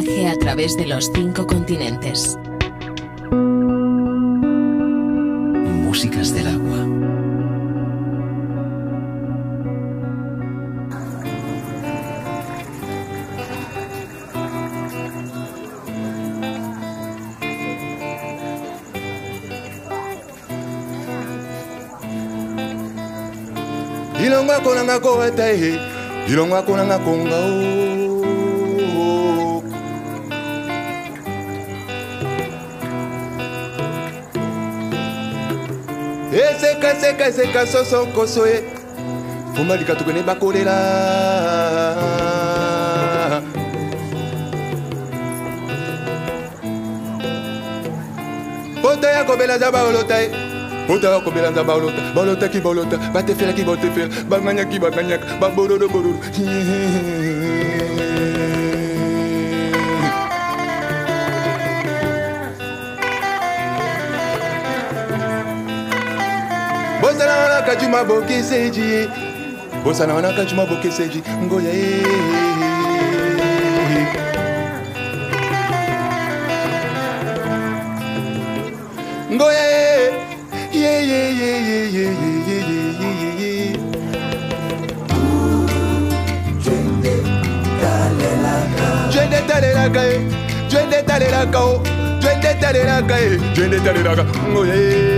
viaje a través de los cinco continentes. Músicas del agua. Ilongwa kuna ngakowa tahe, ilongwa kuna ngakonga esekasekaeseka eh, sosokoso e eh. fuma likatuku ne bakolela pota ya kobela za baolota e eh. pota ya kobela za baolota baolotaki baolota batefelaki batefela baganyaki baganyaka babororo bororo bosa na wana kati mabokeseji ngoya ngoya twende ye ye ye ye ye ye ye ye ye ye. jende jende eh. jende oh. jende kae, kae, kae, twende talelaka eh. ngoya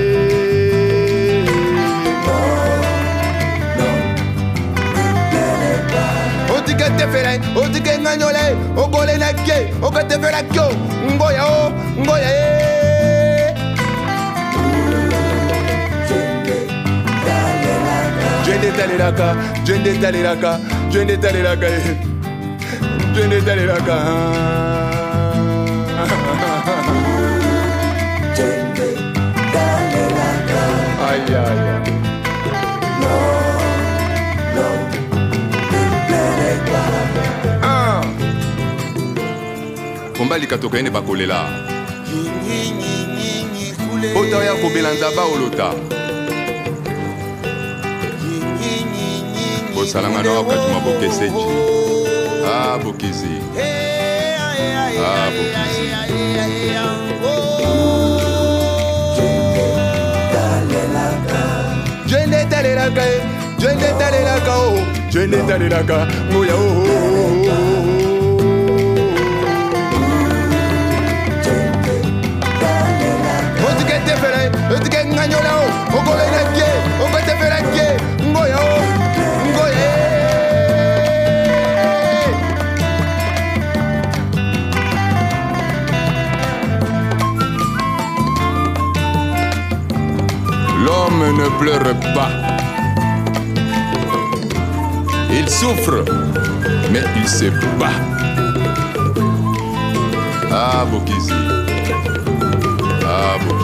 tefere otike nganyole ogole na ke okotefera kyo o e Jende jende jende jende fumba likatoka ene bakolela ota ya kobela nzaba olota bosalanga na okatuma bokeseji a bokizi a bokizi jende talelaka eh. jende talelaka o oh. jende talelaka moya oo oh, oh, ne pleure pas. Il souffre, mais il sait pas Ah, Bokizi. Ah, Bokizi.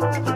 thank you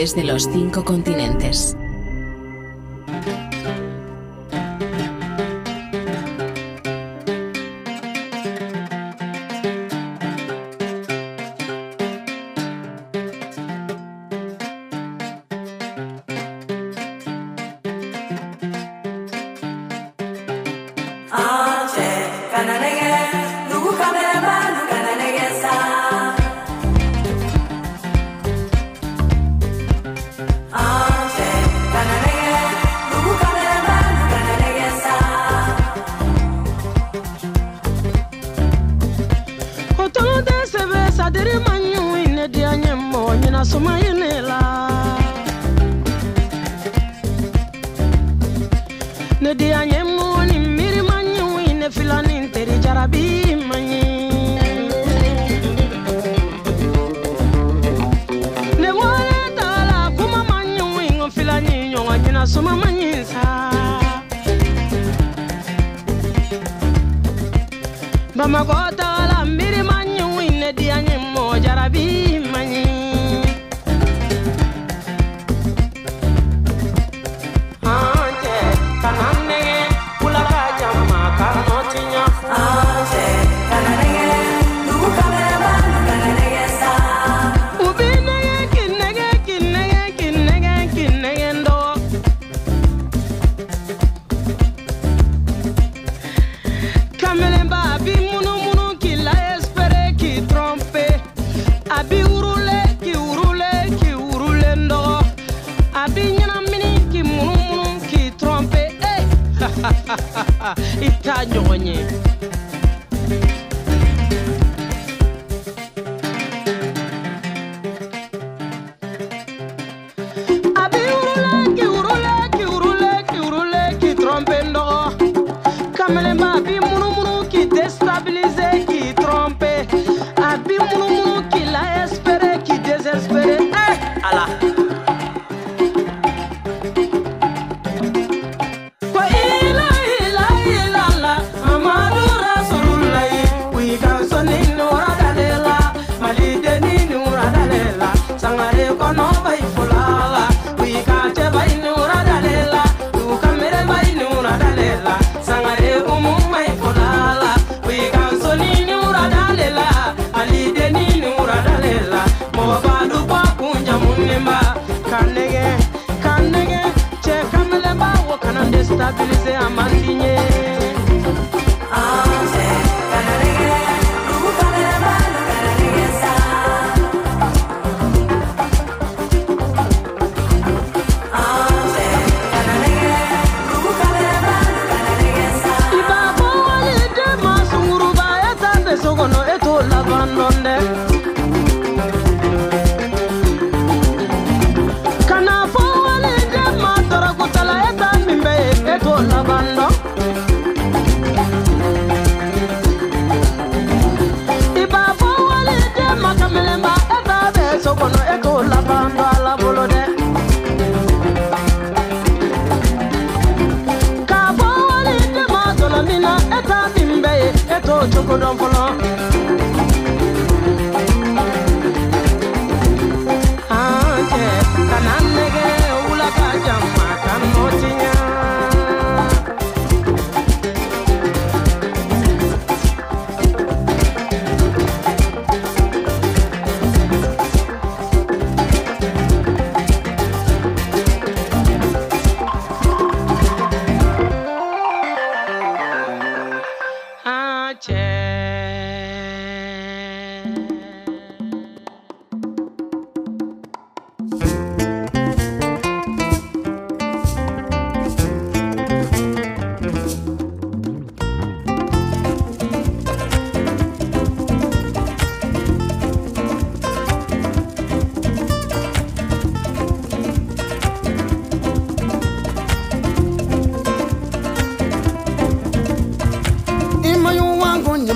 de los cinco continentes. na soma yenela ne de anyemu ni miri manyu ne filani interi jarabi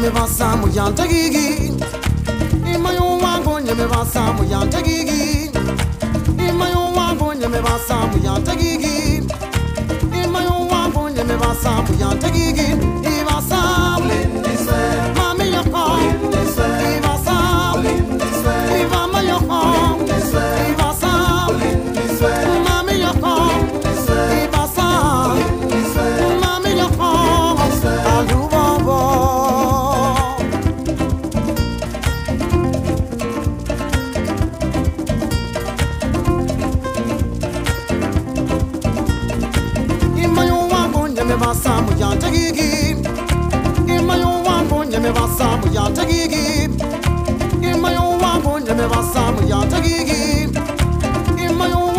nyeme basa mu yanta gigi imayo wango nyeme basa mu yanta gigi imayo wango nyeme basa mu yanta gigi imayo wango nyeme basa mu yanta gigi yard to gig In my own one bone, you never saw me yard to In my own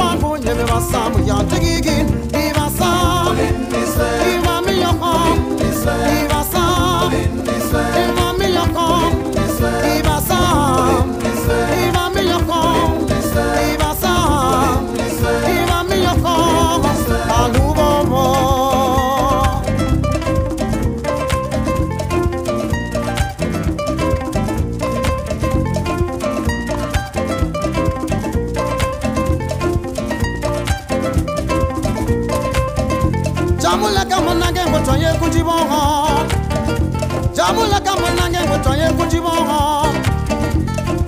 jamula kama nange moto ye kujiboho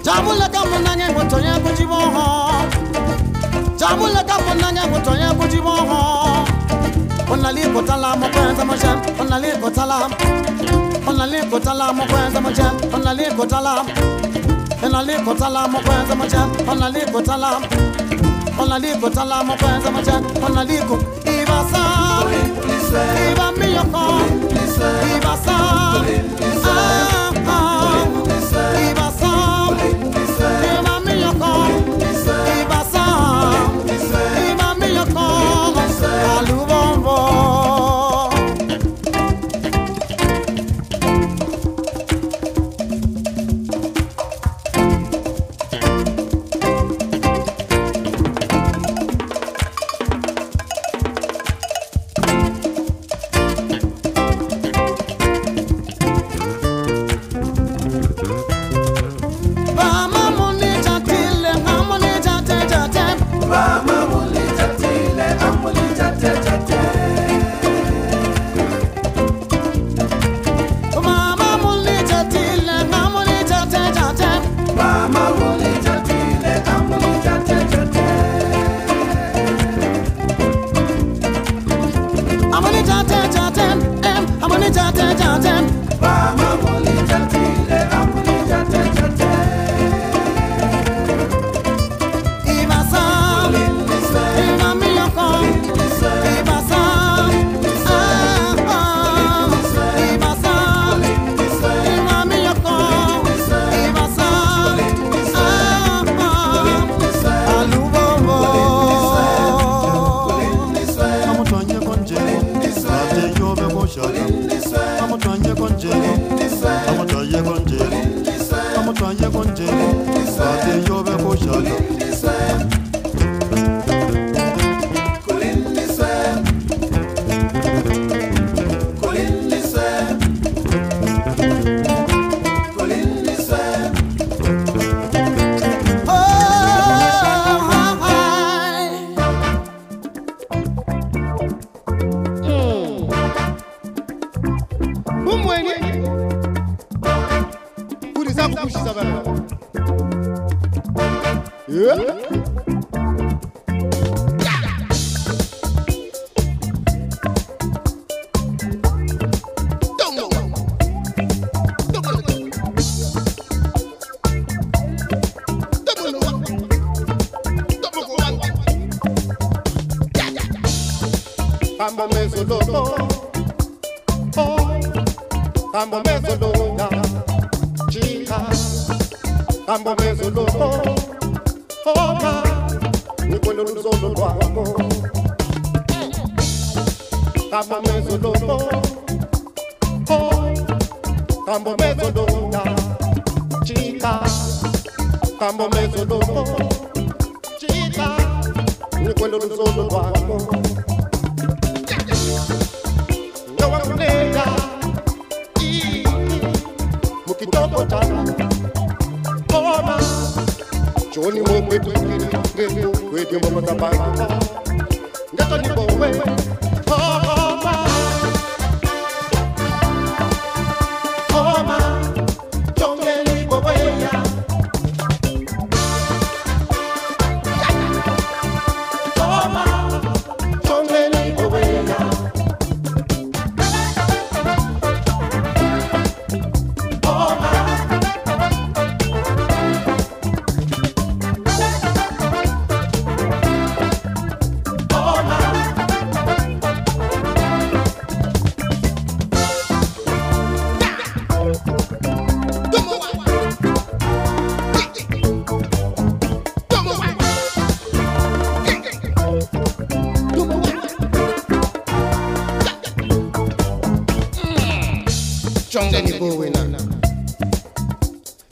jamula kama nange kujiboho jamula kama nange moto ye kujiboho onalipo talamo kwenza machem onalipo talam onalipo talamo kwenza machem onalipo talam onalipo talamo kwenza machem onalipo talam onalipo talamo kwenza machem ibasa iba y vas a...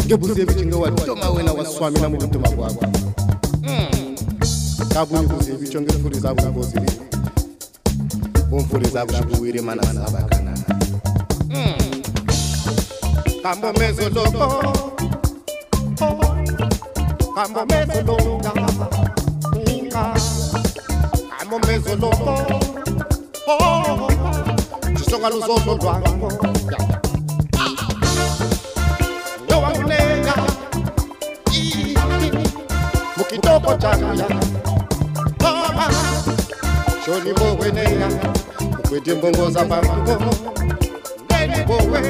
Gebouze vich nge waj, chok mwen a waz swami nan moun mwen te mwavwa. Kabouye bouze vich nge fulizavou nabouze li. Mwen fulizavou chupu wiri man asavakana. A mwem me zoloko. A mwem me zoloko. A mwem me zoloko. Chishok alou zoloko. loko chakaya baba shoni bowe neya kwete mbongoza pamango ndeni bowe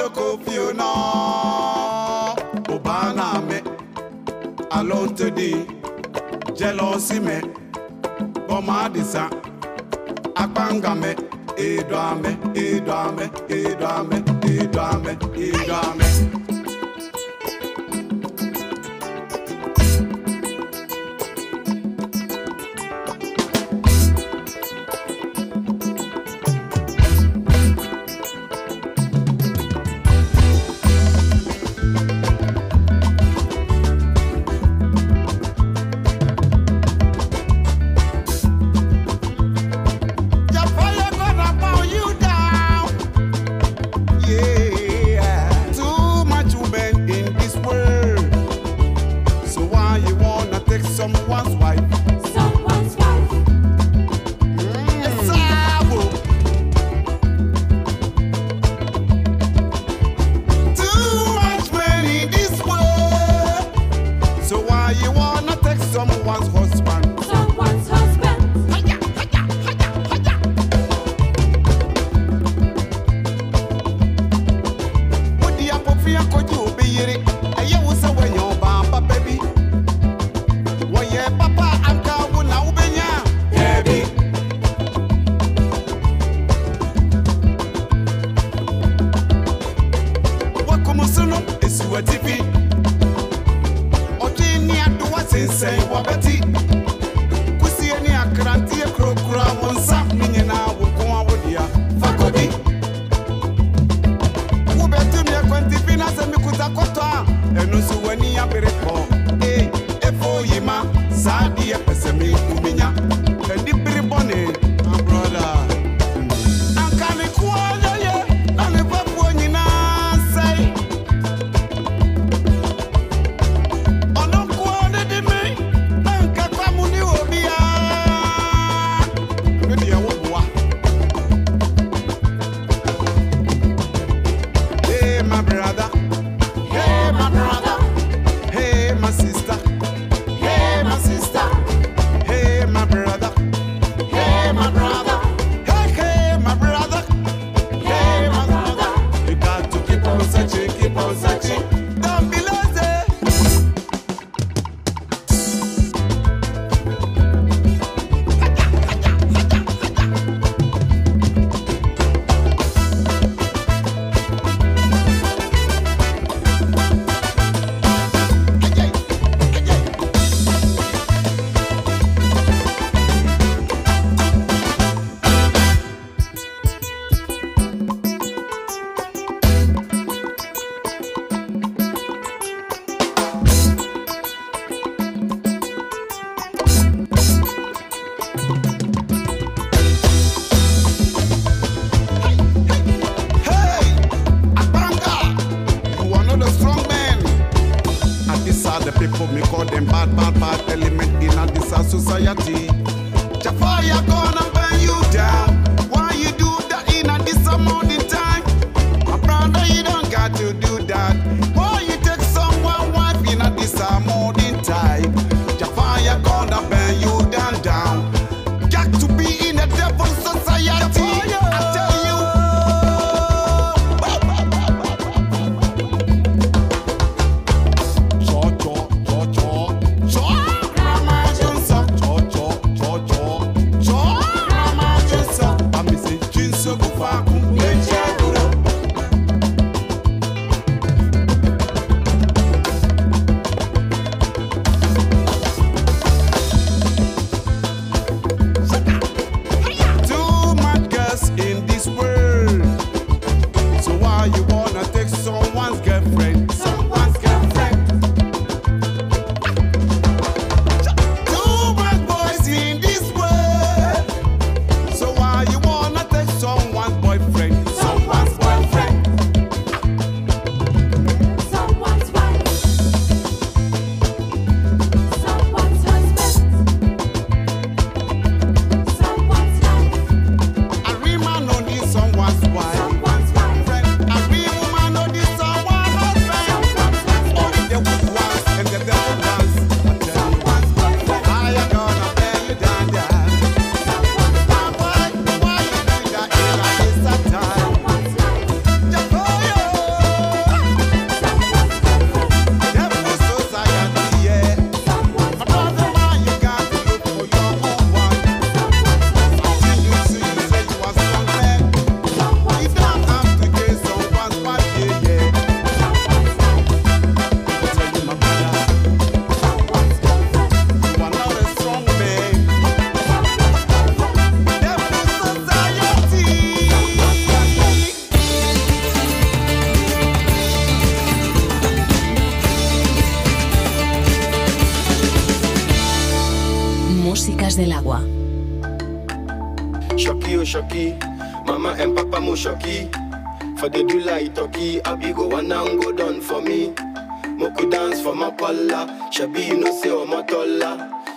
loko fiona obana me alonte di jealousy me boma disa akpanga me edo ame edo ame edo ame edo ame edo ame.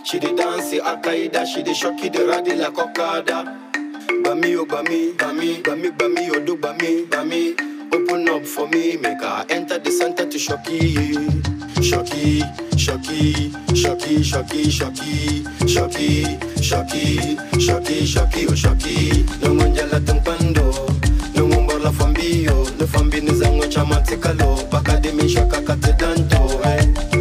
She dey dance Al Qaeda, she dey shocky the radi la cocada. Bami o oh, bami, bami, bami, bami, o oh, do bami, bami. Open up for me, make her enter the center to shocky. Shocky, shocky, shocky, shocky, shocky, shocky, shocky, shocky, shocky, oh shocky. No manjala tumpando, no mumbola oh. fambio, no fambini zango chama tikalo, baka de mi shaka katedanto, eh.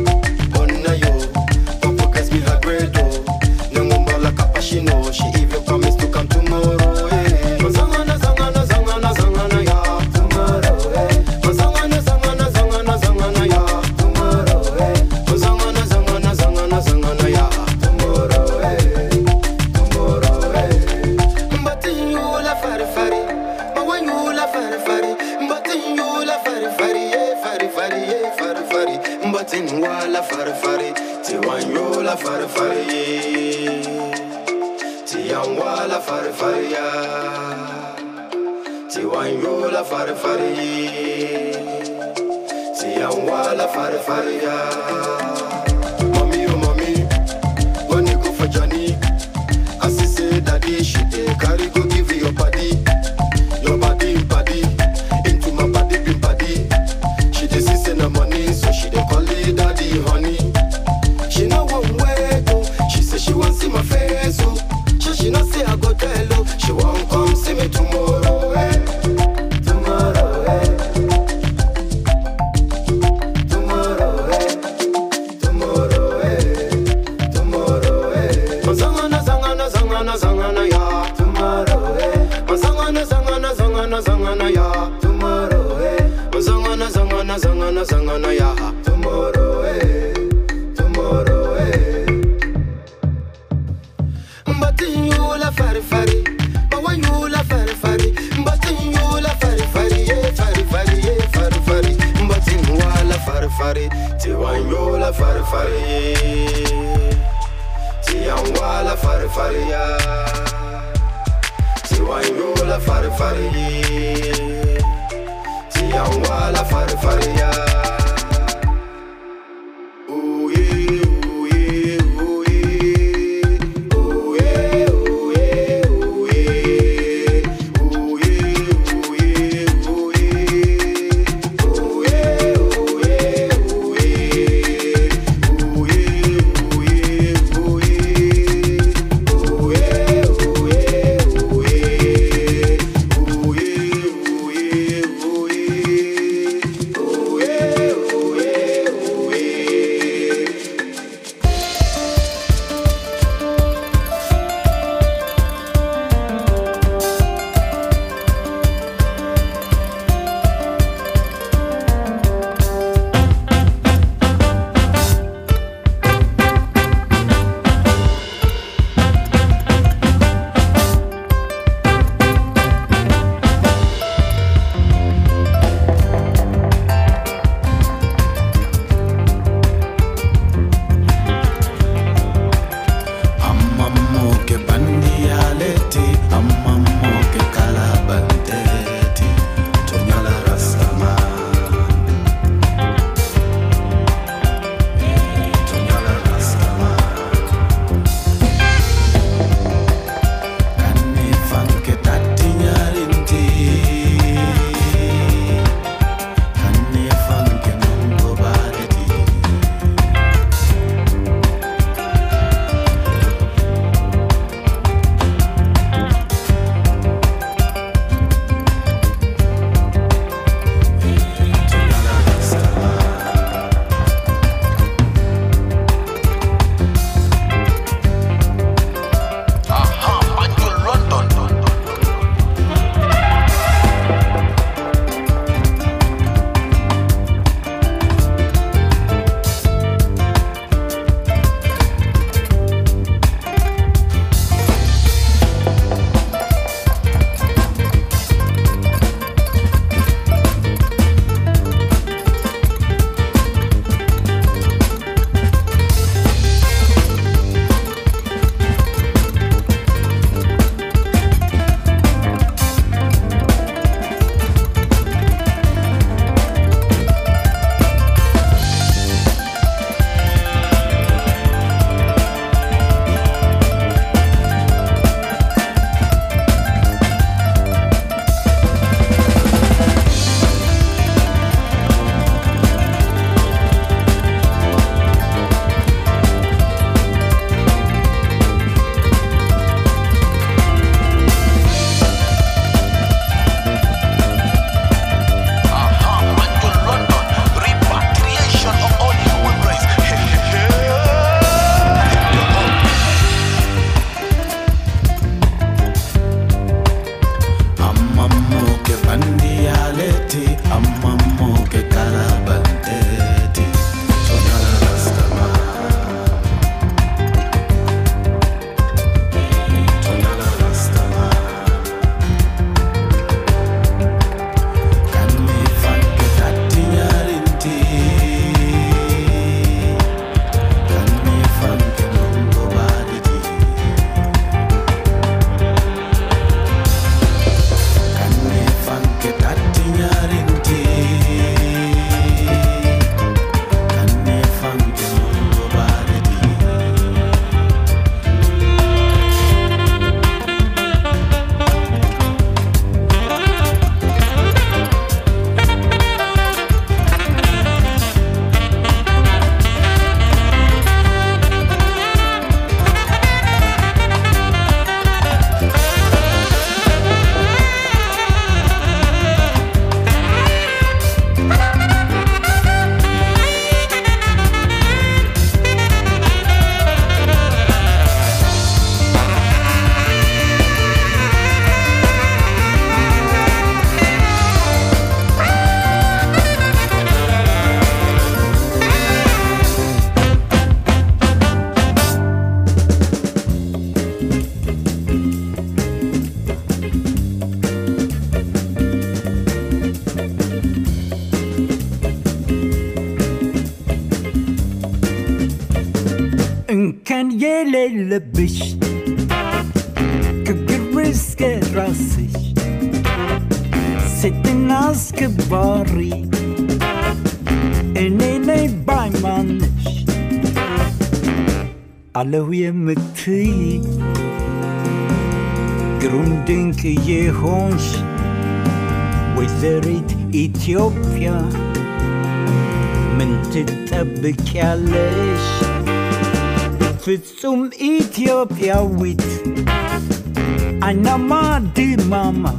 na madi mama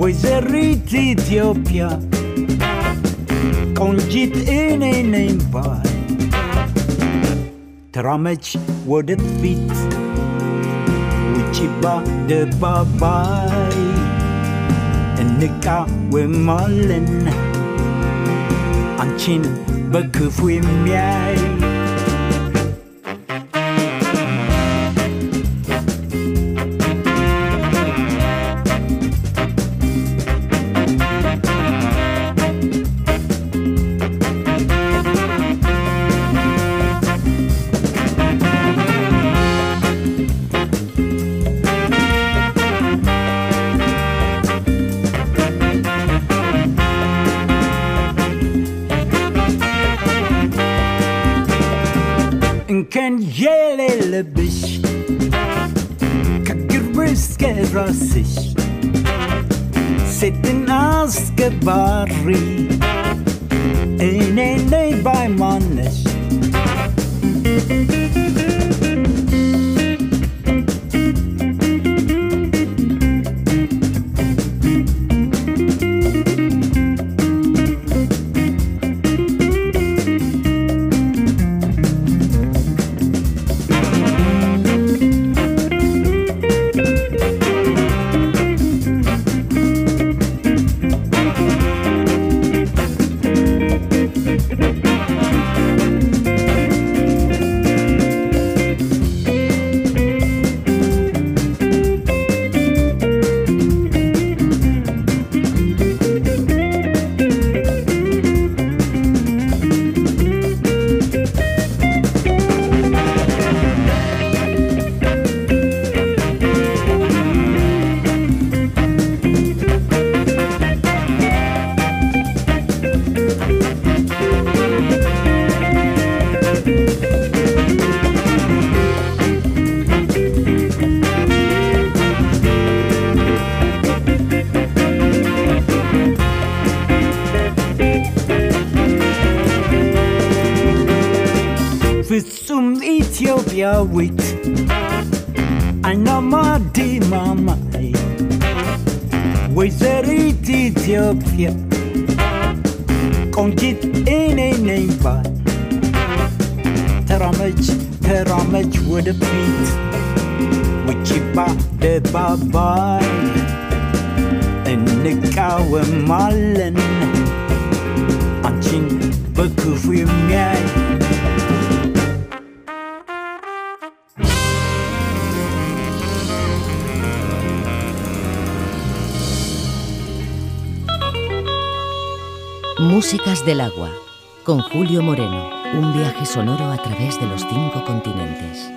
Wizerit Ethiopia Konjit the nempa Tramec wodet fit Uchiba de babai Nika we malen Anchin beku fwi miai Músicas del Agua, con Julio Moreno, un viaje sonoro a través de los cinco continentes.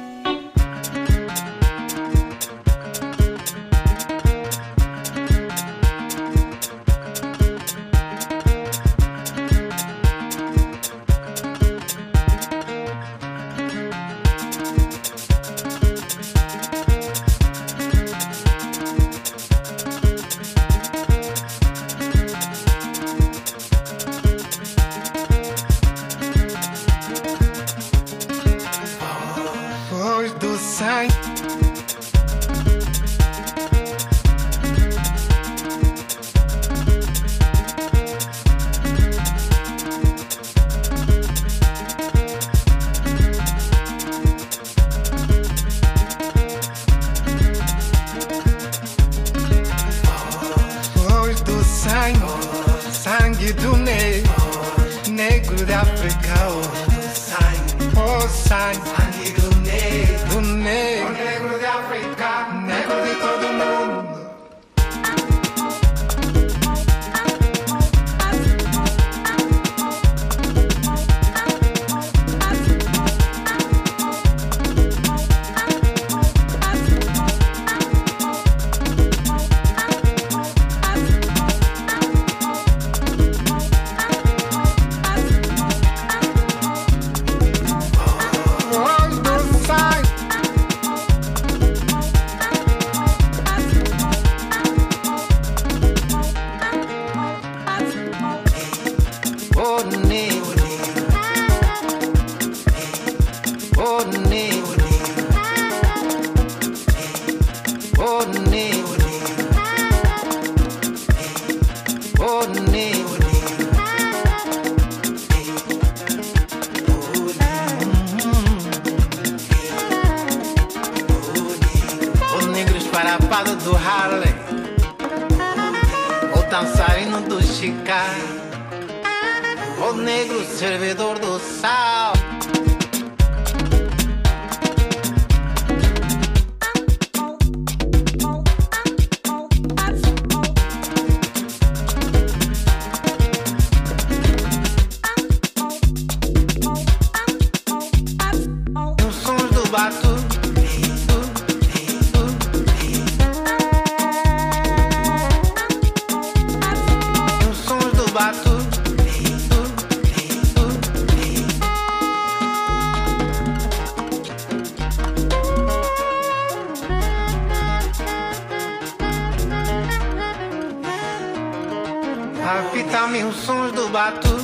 mil sons do batuque.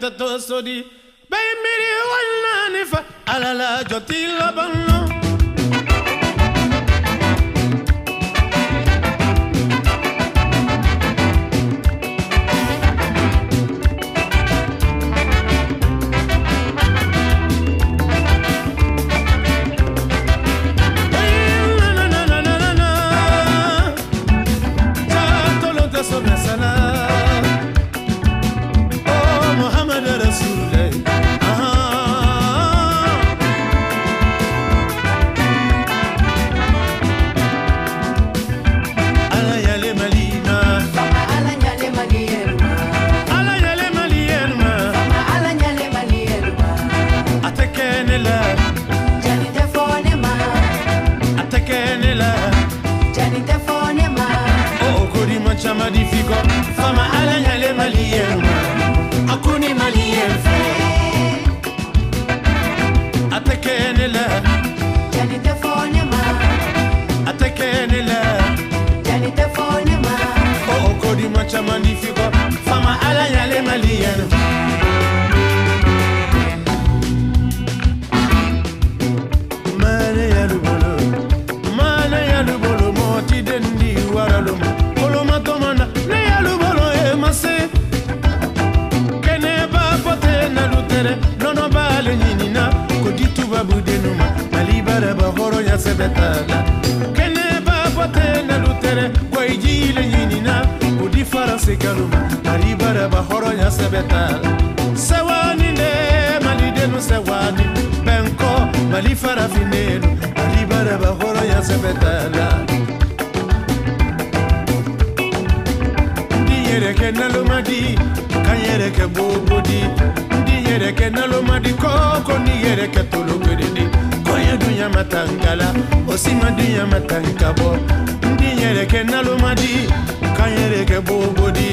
te tosodi bay mbiri wañ naa alala joti ban man chaman diffico Fama ala nyale maliano Mane ya lubolo Mane ya lubolo Moti dendi waralum Kolo e mase Kene ba pote Nono ba le nyinina Koditu babu denuma Malibara ba horo ya sebetala Kene ba pote na lutere Kwa ijile nyinina sekalu alibara bahoro ya sebeta sewani ne mali denu sewani benko malifara fara finelu alibara bahoro ya sebeta la di yere ke nalo madi di yere ke nalo madi koko ni yere ke tolo kedede koye dunya matangala osima dunya matangabo di yere ke nalo madi kan yɛrɛ bobodi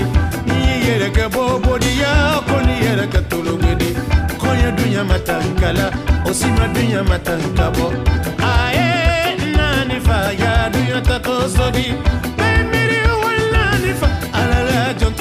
ni y'i yɛrɛ kɛ bobodiya ko ni dunya ma ta ma dunya ma ta ye naani fa ya dunya ta k'o sodi bɛɛ miiri wali naani fa ala la